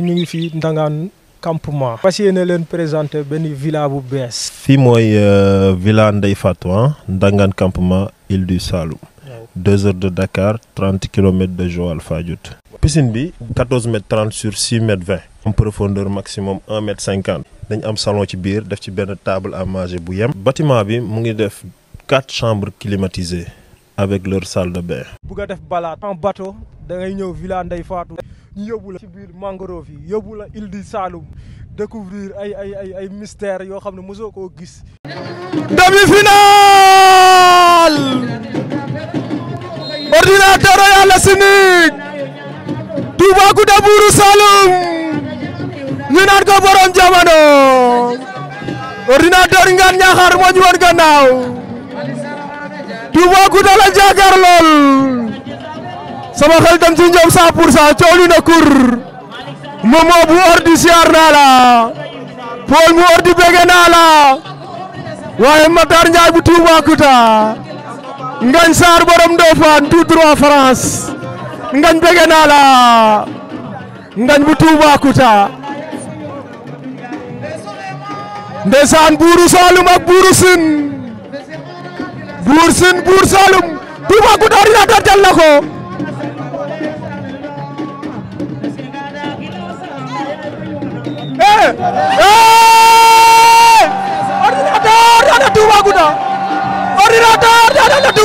nous dans un campement. Passez nous présente une villa à Boubès. Ici, c'est la villa Ndeye fatou, hein, dans un campement, il du Salou. 2 h de Dakar, 30 km de Joal Fadjout. La piscine est 14 m 30 sur 6 m 20 en profondeur maximum 1 m 50 Nous avons un salon qui bir bien, une table à manger. Le bâtiment est de 4 chambres climatisées avec leur salle de bain. Si vous avez balade en bateau, vous avez une villa Ndeye Fatou ñu yóbbu la ci biir mangrove yi yóbbu la découvrir ay ay yoo xam ne mosoo koo gis. demi-finale ordinateur Royal Assainies Toubacouta buuru Saloum ñu naan ko borom jamono ordinateur Ngane Niakhar moo ñu woon gannaaw Toubacouta la jàkkaar lool sama xel dem ci ñom 100 pour cent coolu na kur Momo bu di siar na la Paul mu di bege na la waaye Matar ñay bu kuta ngañ sar borom Ndofane tout droit France ngañ bege na la ngañ bu kuta ndesan buru salum ak buuru Sine buur Sine buur Saalum Toubacouta kuta jël na nako ordinateur daana Toubacouta ordinateur daana